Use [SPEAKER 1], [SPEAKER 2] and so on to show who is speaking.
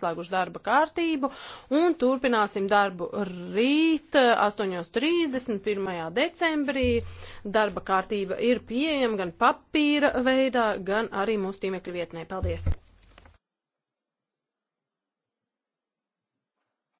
[SPEAKER 1] atslēguši darba kārtību un turpināsim darbu rīt 8.31. Eh, decembrī. Darba kārtība ir pieejama gan papīra veidā, gan arī mūsu tīmekļa vietnē. Paldies!